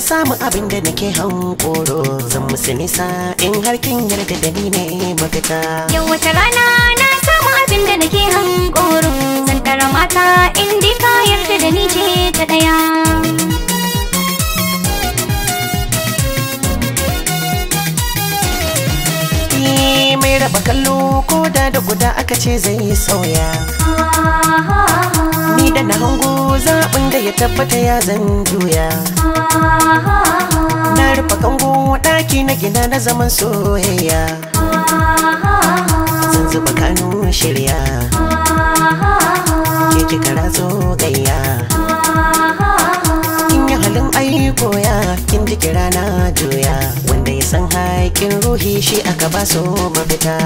na samu abin da nake hankoro zan musu nisa in har kin yarda da ni ne mafita yau wata rana na samu abin da nake hankoro raba kallo ko da da guda aka ce zai yi sauya ni da na hango zaɓin da ya tabbata ya zan juya na rufa kango ɗaki na gida na zaman soyayya zan zuba kanu shirya ke kara zo gayya in yi halin aiko ya kin ji kira na juya san haƙin ruhi shi aka ba su mafita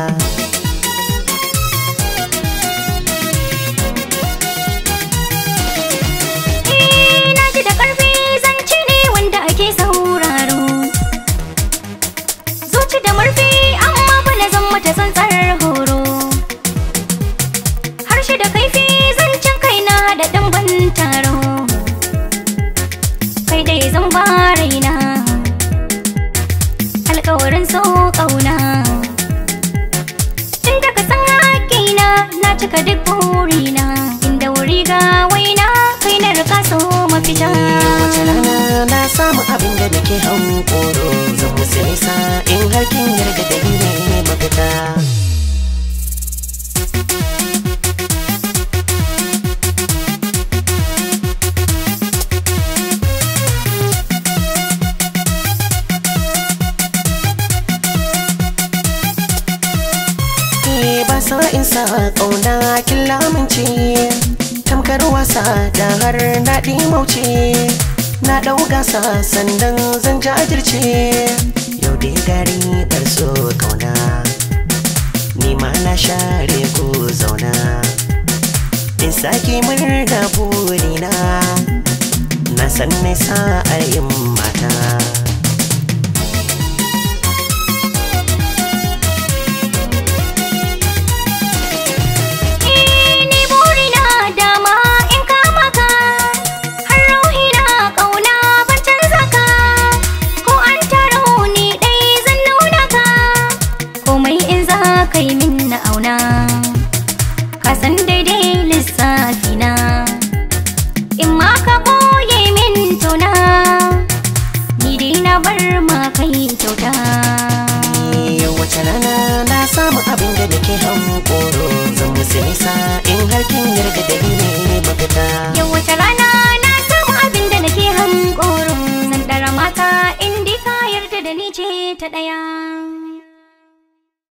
eh, ake sauraro Zoci da murfi amma ba zan mata tsantsar horo harshe da kaifi zancen kai na da ɗan ban taro kai dai zan bare alkawarin so ƙauna. tun daga san haƙina na cika duk burina inda wuri ga waina kai na rika so mafita rana na samu abin da nake hanko sa in sa ƙauna kin lamince tamkar wasa da har daɗi mauce na ɗau gasa sandan zan jajirce yau dai gari ɓarso ƙauna ni ma na share ku zauna in sake murna burina na san nisa a yin kai ka yi min na auna ka san daidai lissafi na in ma ka koye min tuna ni dai na bar ma kai kyauta wace rana na samu abin da nake hankoro zan musu nisa in harkin yarda da ne mafita yau wace rana na samu abin da nake hankoro zan ɗara mata in dai ka yarda da ni ce ta ɗaya